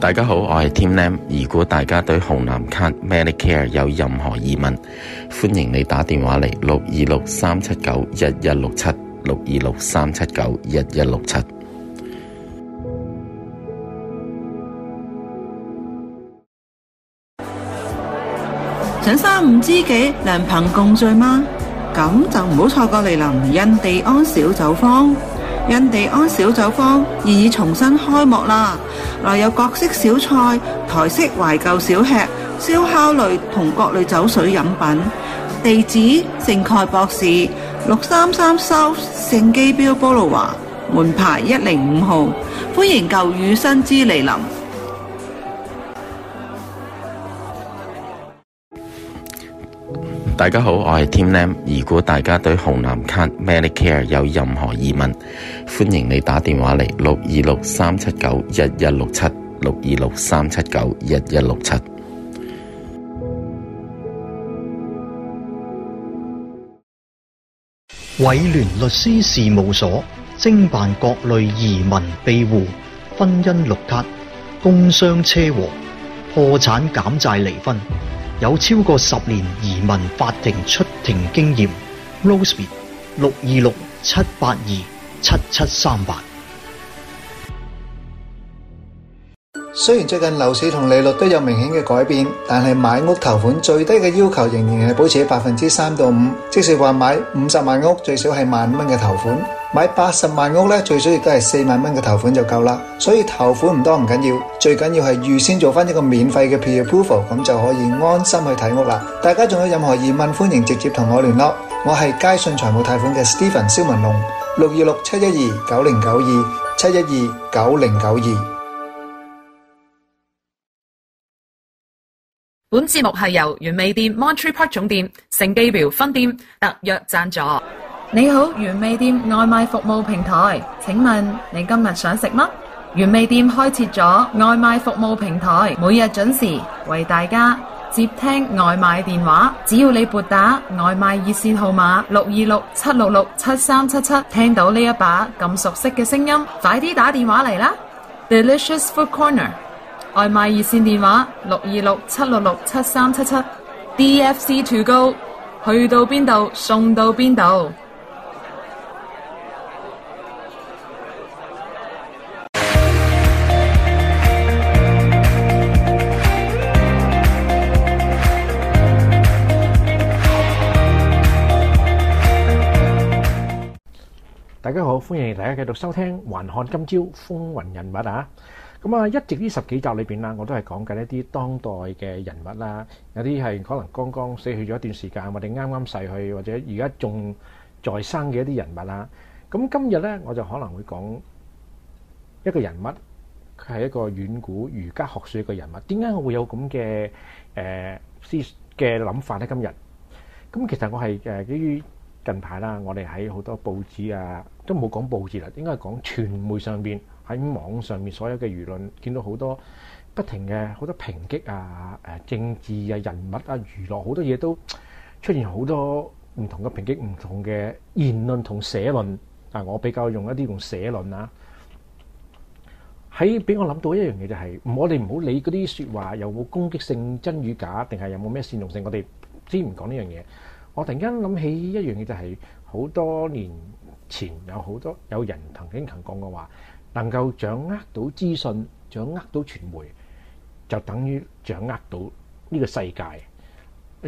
大家好，我係 Tim Nam 如果大家對紅藍卡 Medicare 有任何疑問，歡迎你打電話嚟，六二六三七九一一六七六二六三七九一一六七。67，想三五知己良朋共聚嗎？咁就唔好錯過，嚟臨印第安小酒坊。印第安小酒坊現已重新開幕啦！內有各式小菜、台式懷舊小吃、燒烤類同各類酒水飲品。地址：聖蓋博士六三三 South 聖基標菠蘿華門牌一零五號。歡迎舊雨新知嚟臨。大家好，我係 Tim Lam。如果大家對紅藍卡 Medicare 有任何疑問，歡迎你打電話嚟，六二六三七九一一六七六二六三七九一一六七。偉聯律師事務所，精辦各類移民庇護、婚姻綠卡、工傷車禍、破產減債、離婚。有超過十年移民法庭出庭經驗，Rosebud 六二六七八二七七三八。By, 雖然最近樓市同利率都有明顯嘅改變，但係買屋頭款最低嘅要求仍然係保持喺百分之三到五，即是話買五十萬屋最少係萬五蚊嘅頭款。買八十萬屋咧，最少亦都係四萬蚊嘅頭款就夠啦，所以頭款唔多唔緊要，最緊要係預先做翻一個免費嘅 pre-approval，咁就可以安心去睇屋啦。大家仲有任何疑問，歡迎直接同我聯絡。我係佳信財務貸款嘅 Steven 肖文龍，六二六七一二九零九二七一二九零九二。Ong, 本節目係由原美店 Montreal 總店、盛記廟分店特約贊助。你好，原味店外賣服務平台，請問你今日想食乜？原味店開設咗外賣服務平台，每日準時為大家接聽外賣電話。只要你撥打外賣熱線號碼六二六七六六七三七七，7 7, 聽到呢一把咁熟悉嘅聲音，快啲打電話嚟啦！Delicious Food Corner 外賣熱線電話六二六七六六七三七七，DFC To Go 去到邊度送到邊度。大家好，歡迎大家繼續收聽《環看今朝風雲人物》啊！咁啊，一直呢十幾集裏邊啦，我都係講緊一啲當代嘅人物啦，有啲係可能剛剛死去咗一段時間，或者啱啱逝去，或者而家仲在生嘅一啲人物啦。咁今日呢，我就可能會講一個人物，佢係一個遠古儒家學説嘅人物。點解我會有咁嘅誒思嘅諗法呢？今日咁其實我係誒基於。近排啦，我哋喺好多報紙啊，都冇講報紙啦，應該係講傳媒上邊喺網上面所有嘅輿論，見到好多不停嘅好多抨擊啊、誒政治啊、人物啊、娛樂好多嘢都出現好多唔同嘅抨擊、唔同嘅言論同社論。但係我比較用一啲用社論啦。喺俾我諗到一樣嘢就係，我哋唔好理嗰啲説話有冇攻擊性、真與假，定係有冇咩煽動性，我哋先唔講呢樣嘢。我突然間諗起一樣嘢，就係好多年前有好多有人曾經曾講過話，能夠掌握到資訊、掌握到傳媒，就等於掌握到呢個世界。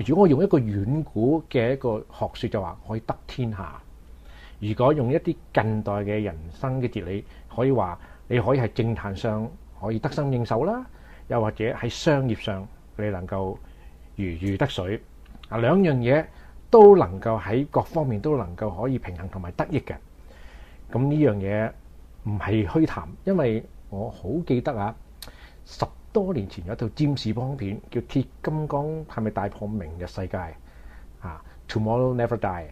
如果我用一個遠古嘅一個學説就話可以得天下；如果用一啲近代嘅人生嘅哲理，可以話你可以喺政壇上可以得心應手啦，又或者喺商業上你能夠如魚得水。啊，兩樣嘢。都能夠喺各方面都能夠可以平衡同埋得益嘅，咁呢樣嘢唔係虛談，因為我好記得啊，十多年前有一套占士邦片叫《鐵金剛》，係咪大破《明日世界》啊？Tomorrow Never Die，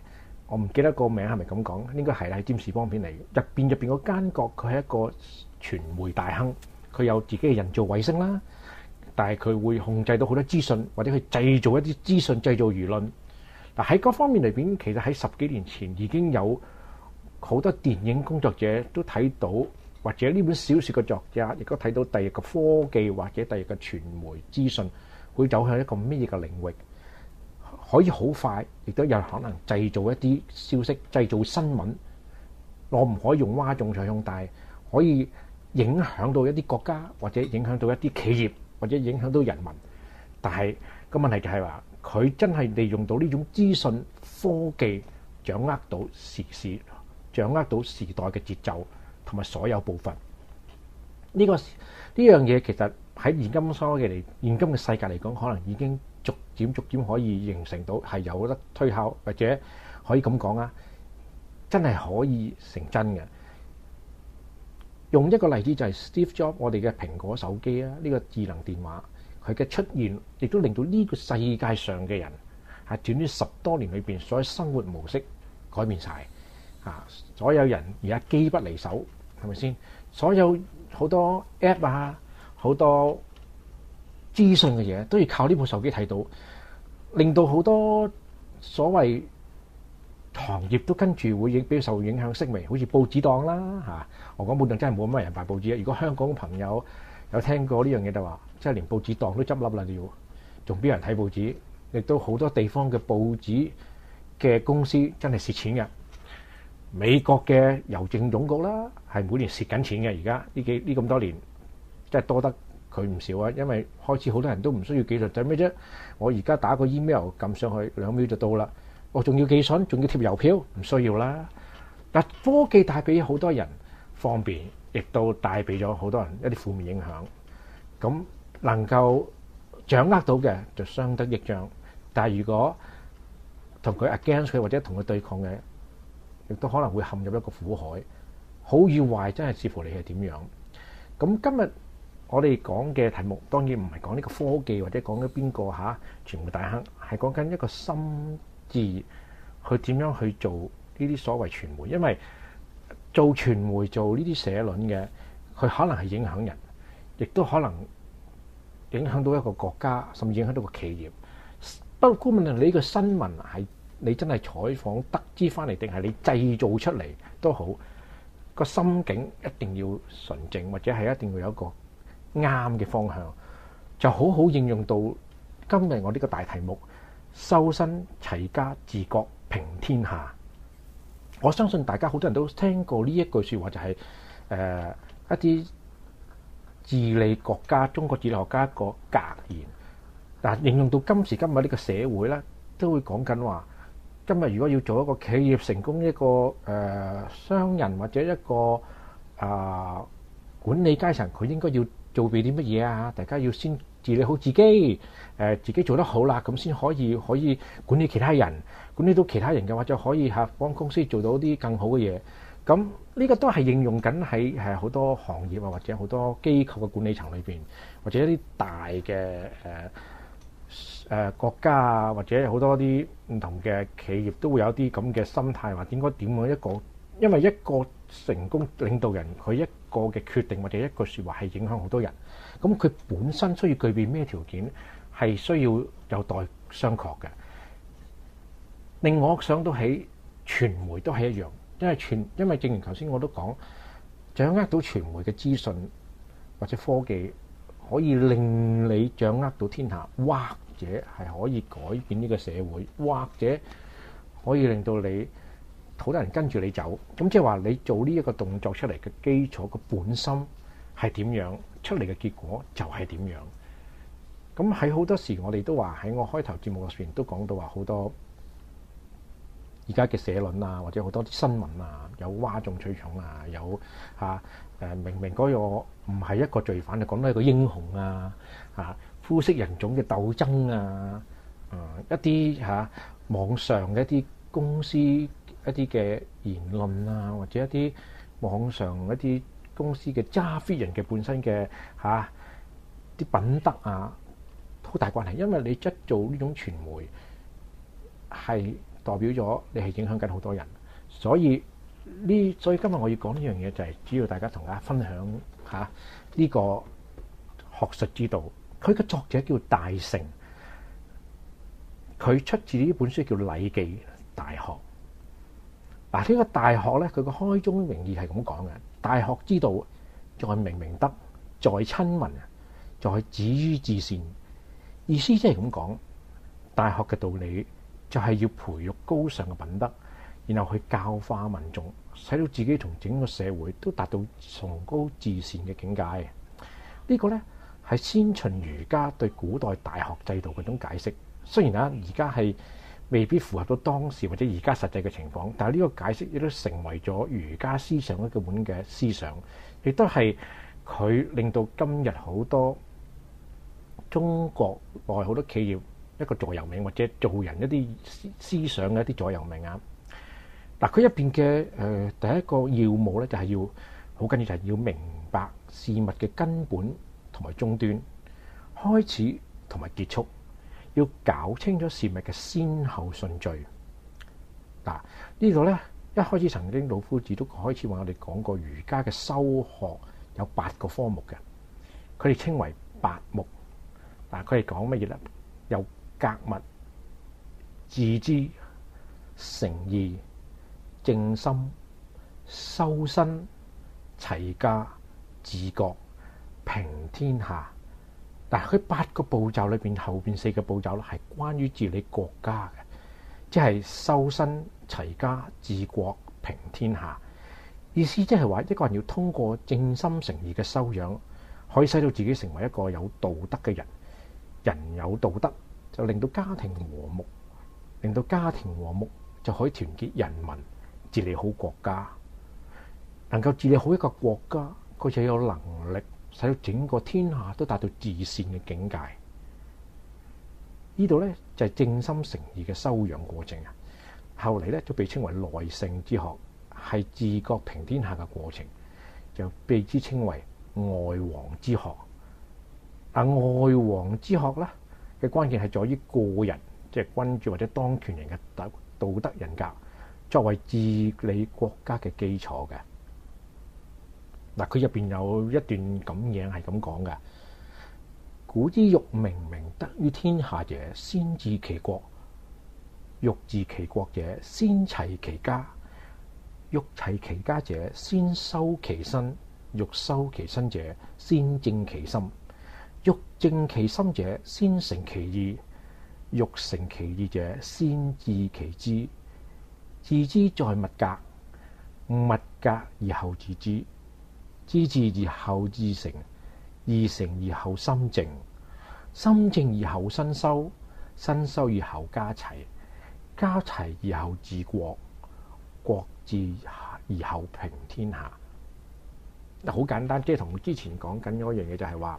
我唔記得個名係咪咁講，應該係啦，係占士邦片嚟嘅。入邊入邊個間角，佢係一個傳媒大亨，佢有自己嘅人造衛星啦，但係佢會控制到好多資訊，或者去製造一啲資訊、製造輿論。喺方面裏面，其實喺十幾年前已經有好多電影工作者都睇到，或者呢本小説嘅作者亦都睇到第二個科技或者第二個傳媒資訊會走向一個乜嘢嘅領域，可以好快，亦都有可能製造一啲消息、製造新聞。我唔可以用嘩眾取寵，但係可以影響到一啲國家，或者影響到一啲企業，或者影響到人民。但係個問題就係話。佢真係利用到呢種資訊科技，掌握到時事，掌握到時代嘅節奏同埋所有部分。呢個呢樣嘢其實喺現今科技嚟，現今嘅世界嚟講，可能已經逐漸逐漸可以形成到係有得推敲，或者可以咁講啊，真係可以成真嘅。用一個例子就係 Steve Jobs，我哋嘅蘋果手機啊，呢個智能電話。佢嘅出現，亦都令到呢個世界上嘅人係短短十多年裏邊，所有生活模式改變曬。啊，所有人而家機不離手，係咪先？所有好多 app 啊，好多資訊嘅嘢都要靠呢部手機睇到，令到好多所謂行業都跟住會影比較受影響，式微。好似報紙檔啦，嚇！我講報紙檔真係冇乜人買報紙。如果香港朋友有聽過呢樣嘢，就話。即係連報紙檔都執笠啦，仲邊有人睇報紙？亦都好多地方嘅報紙嘅公司真係蝕錢嘅。美國嘅郵政總局啦，係每年蝕緊錢嘅。而家呢幾呢咁多年，即係多得佢唔少啊。因為開始好多人都唔需要寄信，就咩啫？我而家打個 email 撳上去兩秒就到啦。我仲要寄信，仲要貼郵票，唔需要啦。但係科技帶俾好多人方便，亦都帶俾咗好多人一啲負面影響。咁。能夠掌握到嘅就相得益彰，但係如果同佢 against 佢或者同佢對抗嘅，亦都可能會陷入一個苦海。好與壞真係視乎你係點樣。咁今日我哋講嘅題目當然唔係講呢個科技或者講緊邊個嚇傳媒大亨，係講緊一個心智佢點樣去做呢啲所謂傳媒，因為做傳媒做呢啲社論嘅，佢可能係影響人，亦都可能。影響到一個國家，甚至影響到個企業。不論你呢個新聞係你真係採訪得知翻嚟，定係你製造出嚟都好。個心境一定要純正，或者係一定要有一個啱嘅方向，就好好應用到今日我呢個大題目：修身齊家治國平天下。我相信大家好多人都聽過呢一句説話，就係呃一啲。治理國家，中國哲學家一個格言，但係應用到今時今日呢個社會呢，都會講緊話，今日如果要做一個企業成功一個誒商人或者一個啊管理階層，佢應該要做備啲乜嘢啊？大家要先治理好自己，誒自己做得好啦，咁先可以可以管理其他人，管理到其他人嘅話就可以嚇幫公司做到啲更好嘅嘢，咁。呢個都係應用緊喺係好多行業啊，或者好多機構嘅管理層裏邊，或者一啲大嘅誒誒國家啊，或者好多啲唔同嘅企業都會有啲咁嘅心態或應該點樣一個，因為一個成功領導人佢一個嘅決定或者一句說話係影響好多人，咁佢本身需要具備咩條件？係需要有待商榷嘅。令我想到喺傳媒都係一樣。因為傳，因為正如頭先我都講，掌握到傳媒嘅資訊或者科技，可以令你掌握到天下，或者係可以改變呢個社會，或者可以令到你好多人跟住你走。咁即係話你做呢一個動作出嚟嘅基礎嘅本心係點樣，出嚟嘅結果就係點樣。咁喺好多時我，我哋都話喺我開頭節目入邊都講到話好多。而家嘅社論啊，或者好多啲新聞啊，有嘩眾取寵啊，有嚇誒明明嗰個唔係一個罪犯，就講得係個英雄啊，嚇膚色人種嘅鬥爭啊，啊一啲嚇網上嘅一啲公司一啲嘅言論啊，或者一啲網上一啲公司嘅揸 fit 人嘅本身嘅嚇啲品德啊，好大關係，因為你一做呢種傳媒係。代表咗你係影響緊好多人，所以呢，所以今日我要講呢樣嘢就係，主要大家同大家分享吓呢個學術之道。佢嘅作者叫戴聖，佢出自呢本書叫《禮記大學》啊。嗱、這、呢個《大學》呢咧，佢嘅開宗明義係咁講嘅，《大學之道，在明明德，在親民，在止於至善》。意思即係咁講，《大學》嘅道理。就係要培育高尚嘅品德，然後去教化民眾，使到自己同整個社會都達到崇高至善嘅境界。呢個呢係先秦儒家對古代大學制度嗰種解釋。雖然啊，而家係未必符合到當時或者而家實際嘅情況，但係呢個解釋亦都成為咗儒家思想一個本嘅思想，亦都係佢令到今日好多中國內好多企業。一個座右銘或者做人一啲思思想嘅一啲座右銘啊。嗱，佢入邊嘅誒第一個要務咧，就係要好緊要，要就係要明白事物嘅根本同埋終端，開始同埋結束，要搞清楚事物嘅先後順序嗱。啊、呢度咧一開始曾經老夫子都開始話我哋講過，儒家嘅修學有八個科目嘅，佢哋稱為八目。嗱、啊，佢哋講乜嘢咧？有格物、致知，誠意、正心、修身、齊家、治國、平天下。但係佢八個步驟裏邊，後邊四個步驟咧係關於治理國家嘅，即係修身、齊家、治國、平天下。意思即係話，一個人要通過正心誠意嘅修養，可以使到自己成為一個有道德嘅人。人有道德。就令到家庭和睦，令到家庭和睦就可以團結人民，治理好國家。能夠治理好一個國家，佢就有能力使到整個天下都達到至善嘅境界。這裡呢度咧就係、是、正心誠意嘅修養過程啊。後嚟咧就被稱為內聖之學，係治國平天下嘅過程，就被之稱為外王之學。啊，外王之學啦。嘅關鍵係在於個人，即係君主或者當權人嘅道德人格，作為治理國家嘅基礎嘅。嗱，佢入面有一段咁樣係咁講嘅：古之欲明明德於天下者，先治其國；欲治其國者，先齊其家；欲齊其家者，先修其身；欲修其身者，先正其心。欲正其心者，先誠其意；欲誠其意者，先治其知。治知在物格，物格而後自知，知治而後至成，意誠而後心正，心正而後身修，身修而後家齊，家齊而後治國，國治而後平天下。好簡單，即係同之前講緊嗰樣嘢，就係話。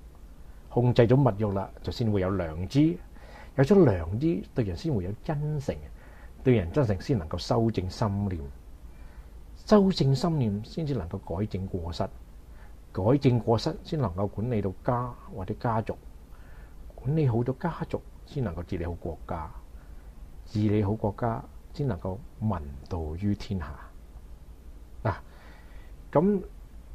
控制咗物欲啦，就先會有良知；有咗良知，對人先會有真誠；對人真誠，先能夠修正心念；修正心念，先至能夠改正過失；改正過失，先能夠管理到家或者家族；管理好咗家族，先能夠治理好國家；治理好國家，先能夠民道於天下。嗱、啊，咁。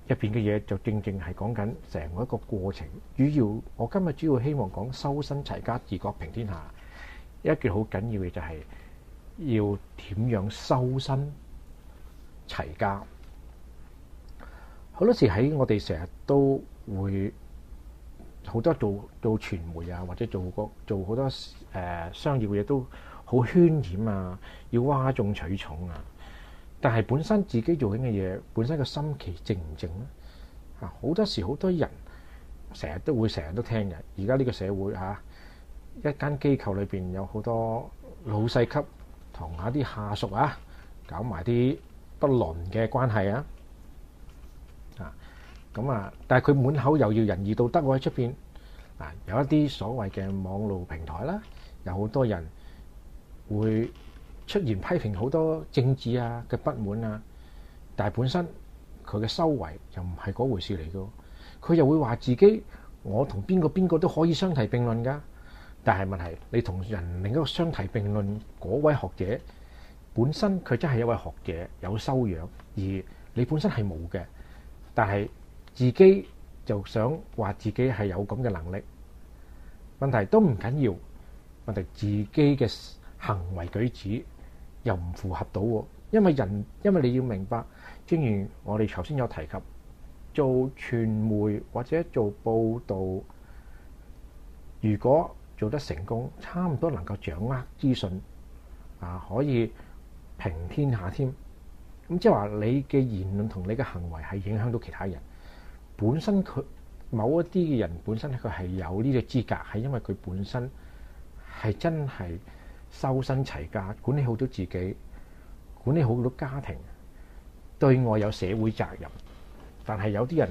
入邊嘅嘢就正正係講緊成個一個過程。主要我今日主要希望講修身齊家治國平天下，一句好緊要嘅就係要點樣修身齊家。好多時喺我哋成日都會好多做做傳媒啊，或者做做好多誒、呃、商業嘅嘢都好渲染啊，要嘩眾取寵啊。但係本身自己做緊嘅嘢，本身個心其正唔正咧？啊，好多時好多人成日都會成日都聽嘅。而家呢個社會嚇，一間機構裏邊有好多老細級同下啲下屬啊，搞埋啲不倫嘅關係啊。啊，咁啊，但係佢滿口又要仁義道德喎，喺出邊嗱，有一啲所謂嘅網絡平台啦，有好多人會。出言批評好多政治啊嘅不滿啊，但係本身佢嘅修為又唔係嗰回事嚟噶，佢又會話自己我同邊個邊個都可以相提並論噶，但係問題你同人另一個相提並論嗰位學者，本身佢真係一位學者有修養，而你本身係冇嘅，但係自己就想話自己係有咁嘅能力，問題都唔緊要，問題自己嘅行為舉止。又唔符合到，因為人，因為你要明白，正如我哋頭先有提及，做傳媒或者做報道，如果做得成功，差唔多能夠掌握資訊啊，可以平天下添。咁即係話，你嘅言論同你嘅行為係影響到其他人。本身佢某一啲嘅人本身佢係有呢個資格，係因為佢本身係真係。修身齊家，管理好咗自己，管理好咗家庭，對外有社會責任。但係有啲人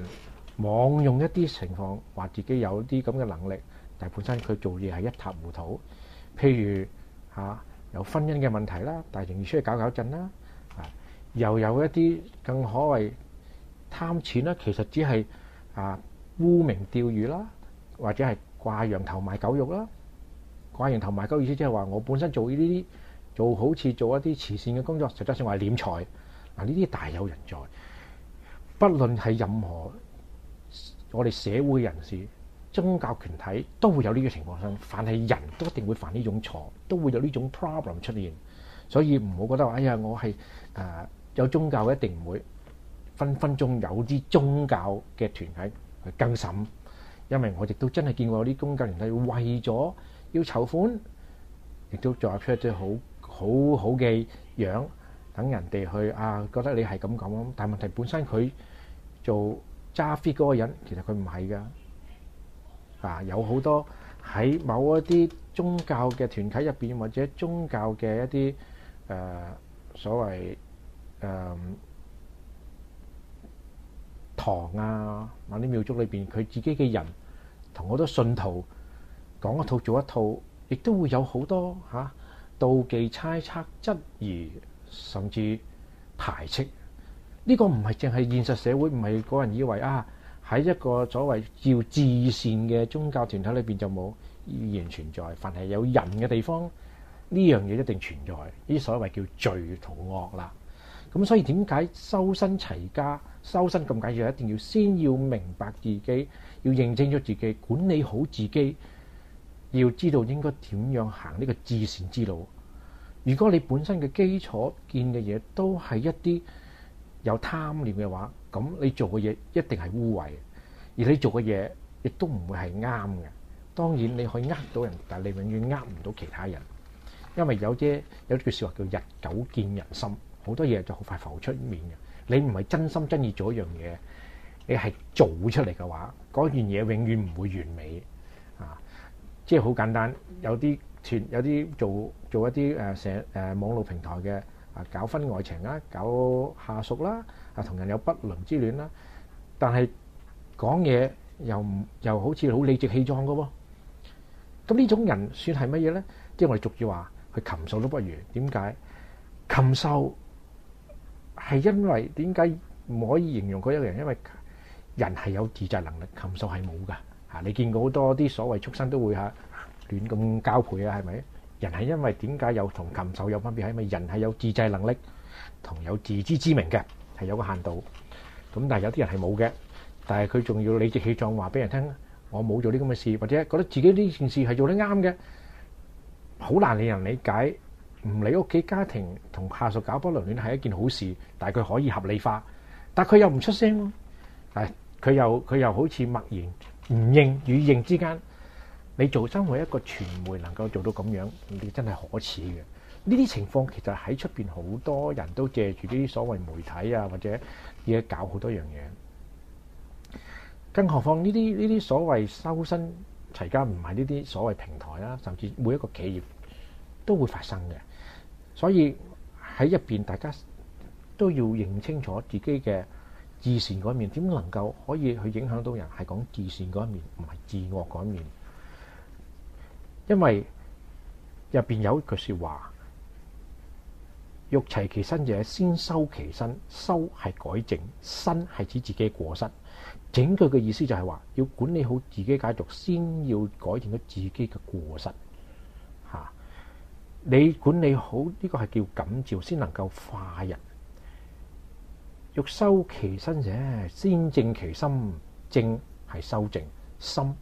妄用一啲情況，話自己有啲咁嘅能力，但係本身佢做嘢係一塌糊塗。譬如嚇有婚姻嘅問題啦，但係仍然出去搞搞震啦。又有一啲更可謂貪錢啦，其實只係啊沽名釣譽啦，或者係掛羊頭賣狗肉啦。掛羊頭賣狗肉，意思，即係話我本身做呢啲做，好似做一啲慈善嘅工作，實質上話係斂財嗱。呢啲大有人在，不論係任何我哋社會人士、宗教團體都會有呢個情況上犯，凡係人都一定會犯呢種錯，都會有呢種 problem 出現。所以唔好覺得話哎呀，我係誒、呃、有宗教一定唔會，分分鐘有啲宗教嘅團體去更審，因為我亦都真係見過有啲宗教團體為咗。要籌款，亦都作出一啲好好好嘅樣，等人哋去啊，覺得你係咁咁。但問題本身佢做揸 fit 嗰個人，其實佢唔係㗎。啊，有好多喺某一啲宗教嘅團體入邊，或者宗教嘅一啲誒所謂誒堂啊，某啲廟祝裏邊，佢自己嘅人同好多信徒。講一套做一套，亦都會有好多吓、啊、妒忌、猜測、質疑，甚至排斥。呢、呢個唔係淨係現實社會，唔係個人以為啊喺一個所謂叫至善嘅宗教團體裏面就，就冇依然存在。凡係有人嘅地方，呢樣嘢一定存在。呢啲所謂叫罪同惡啦。咁所以點解修身齊家？修身咁緊要，一定要先要明白自己，要認清咗自己，管理好自己。要知道應該點樣行呢個至善之路。如果你本身嘅基礎見嘅嘢都係一啲有貪念嘅話，咁你做嘅嘢一定係污穢，而你做嘅嘢亦都唔會係啱嘅。當然你可以呃到人，但你永遠呃唔到其他人，因為有啲有句説話叫日久見人心，好多嘢就好快浮出面嘅。你唔係真心真意做一樣嘢，你係做出嚟嘅話，嗰件嘢永遠唔會完美。即係好簡單，有啲團，有啲做做一啲誒社誒網絡平台嘅啊，搞婚外情啦，搞下屬啦，啊同人有不倫之戀啦，但係講嘢又唔又好似好理直氣壯㗎喎。咁呢種人算係乜嘢咧？即係我哋俗語話，佢禽獸都不如。點解？禽獸係因為點解唔可以形容嗰一個人？因為人係有自責能力，禽獸係冇㗎。嚇！你見過好多啲所謂畜生都會嚇亂咁交配啊？係咪人係因為點解又同禽獸有分別？係咪人係有自制能力同有自知之明嘅？係有個限度咁，但係有啲人係冇嘅。但係佢仲要理直氣壯話俾人聽，我冇做啲咁嘅事，或者覺得自己呢件事係做得啱嘅，好難令人理解。唔理屋企家庭同下屬搞不倫戀係一件好事，但係佢可以合理化，但係佢又唔出聲喎。但係佢又佢又好似默然。唔認與認之間，你做生活一個傳媒能夠做到咁樣，你真係可恥嘅。呢啲情況其實喺出邊好多人都借住呢啲所謂媒體啊，或者嘢搞好多樣嘢。更何況呢啲呢啲所謂修身齊家，唔係呢啲所謂平台啦，甚至每一個企業都會發生嘅。所以喺入邊大家都要認清楚自己嘅。自善嗰一面點能夠可以去影響到人？係講自善嗰一面，唔係自惡嗰一面。因為入邊有一句説話：欲齊其身者，先修其身。修係改正，身係指自己嘅過失。整句嘅意思就係話，要管理好自己嘅家族，先要改正咗自己嘅過失。嚇！你管理好呢個係叫感召，先能夠化人。欲修其身者，先正其心。正係修正，心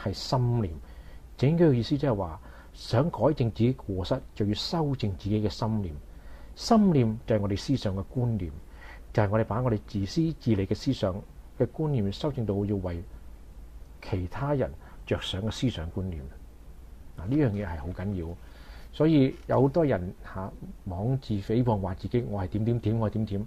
係心念。整句意思就是，即係話想改正自己的過失，就要修正自己嘅心念。心念就係我哋思想嘅觀念，就係、是、我哋把我哋自私自利嘅思想嘅觀念修正到要為其他人着想嘅思想觀念。嗱、啊、呢樣嘢係好緊要，所以有好多人嚇、啊、妄自菲薄，話自己我係點點點，我係點點。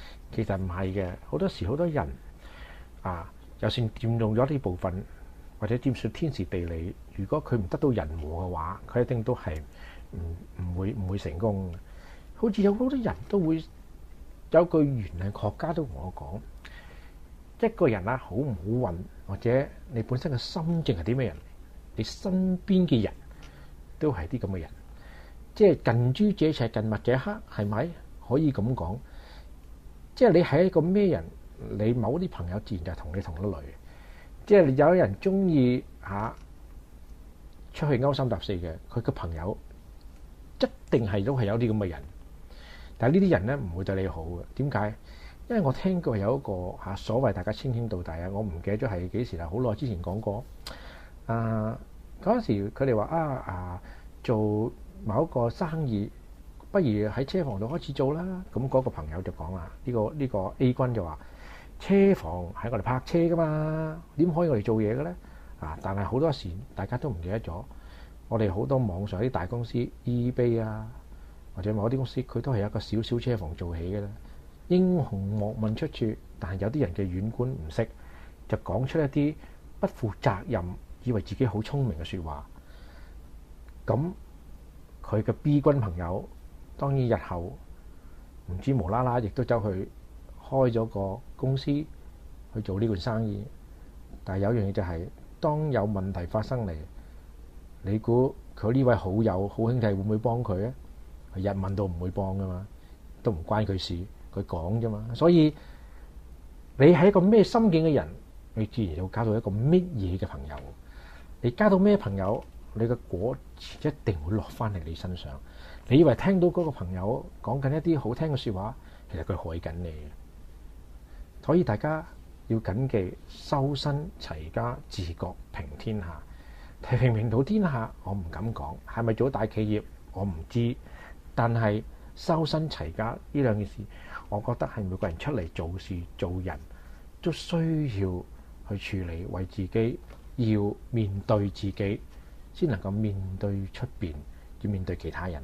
其實唔係嘅，好多時好多人啊，就算佔用咗呢部分，或者點算天時地利，如果佢唔得到人和嘅話，佢一定都係唔唔會唔會成功嘅。好似有好多人都會有句玄學家都同我講：一個人啊，好唔好運，或者你本身嘅心境係啲咩人，你身邊嘅人都係啲咁嘅人，即係近朱者赤，近墨者黑，係咪可以咁講？即係你係一個咩人？你某啲朋友自然就同你同一類嘅。即係你有人中意嚇出去勾三搭四嘅，佢嘅朋友一定係都係有啲咁嘅人。但係呢啲人咧，唔會對你好嘅。點解？因為我聽過有一個嚇、啊、所謂大家傾傾到底啊，我唔記得咗係幾時啦，好耐之前講過。啊，嗰陣時佢哋話啊啊，做某一個生意。不如喺車房度開始做啦。咁、那、嗰個朋友就講啦，呢、這個呢、這個 A 君就話車房係我哋泊車㗎嘛，點可以我哋做嘢嘅咧？啊！但係好多時大家都唔記得咗，我哋好多網上啲大公司 eBay 啊，或者某啲公司，佢都係一個小小車房做起嘅啦。英雄莫問出處，但係有啲人嘅遠觀唔識就講出一啲不負責任，以為自己好聰明嘅説話。咁佢嘅 B 君朋友。當然，日後唔知無啦啦，亦都走去開咗個公司去做呢個生意。但係有一樣嘢就係、是，當有問題發生嚟，你估佢呢位好友、好兄弟會唔會幫佢咧？係一問都唔會幫噶嘛，都唔關佢事，佢講啫嘛。所以你係一個咩心境嘅人，你自然就交到一個乜嘢嘅朋友。你交到咩朋友，你嘅果一定會落翻嚟你身上。你以為聽到嗰個朋友講緊一啲好聽嘅說話，其實佢害緊你。所以大家要謹記修身、齊家、治國、平天下。平平到天下我不、我唔敢講係咪做大企業，我唔知。但係修身、齊家呢兩件事，我覺得係每個人出嚟做事做人都需要去處理，為自己要面對自己，先能夠面對出邊，要面對其他人。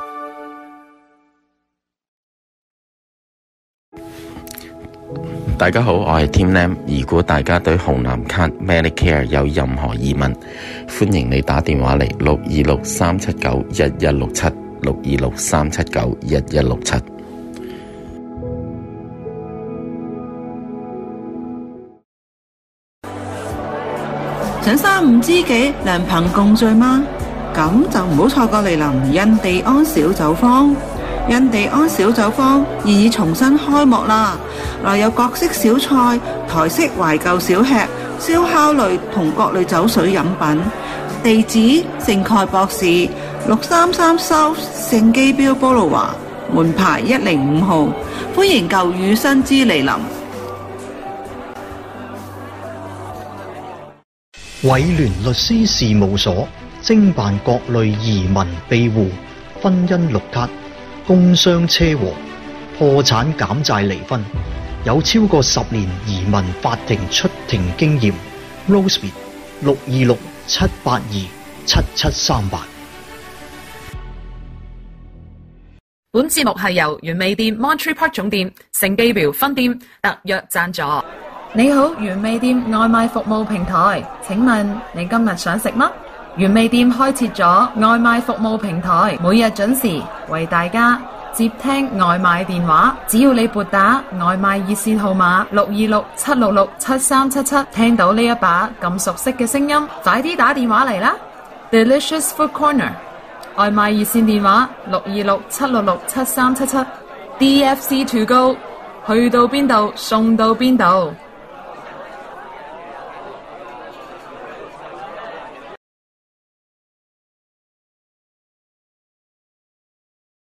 大家好，我係 Tim Lam。如果大家對紅藍卡 Medicare 有任何疑問，歡迎你打電話嚟六二六三七九一一六七六二六三七九一一六七。67, 想三五知己、良朋共聚嗎？咁就唔好錯過嚟臨印第安小酒坊。印第安小酒坊現已重新開幕啦！內有各式小菜、台式懷舊小吃、燒烤類同各類酒水飲品。地址聖蓋博士六三三 South 聖基表菠蘿華門牌一零五號，歡迎舊雨新知嚟臨。偉聯律師事務所，精辦各類移民庇護、婚姻綠卡。工傷車禍、破產減債、離婚，有超過十年移民法庭出庭經驗。Rosebud 六二六七八二七七三八。本節目係由原味店 Monterey Park 總店、聖蓋博分店特約贊助。你好，原味店外賣服務平台，請問你今日想食乜？原味店開設咗外賣服務平台，每日準時為大家接聽外賣電話。只要你撥打外賣熱線號碼六二六七六六七三七七，7 7, 聽到呢一把咁熟悉嘅聲音，快啲打電話嚟啦！Delicious Food Corner 外賣熱線電話六二六七六六七三七七，DFC To Go 去到邊度送到邊度。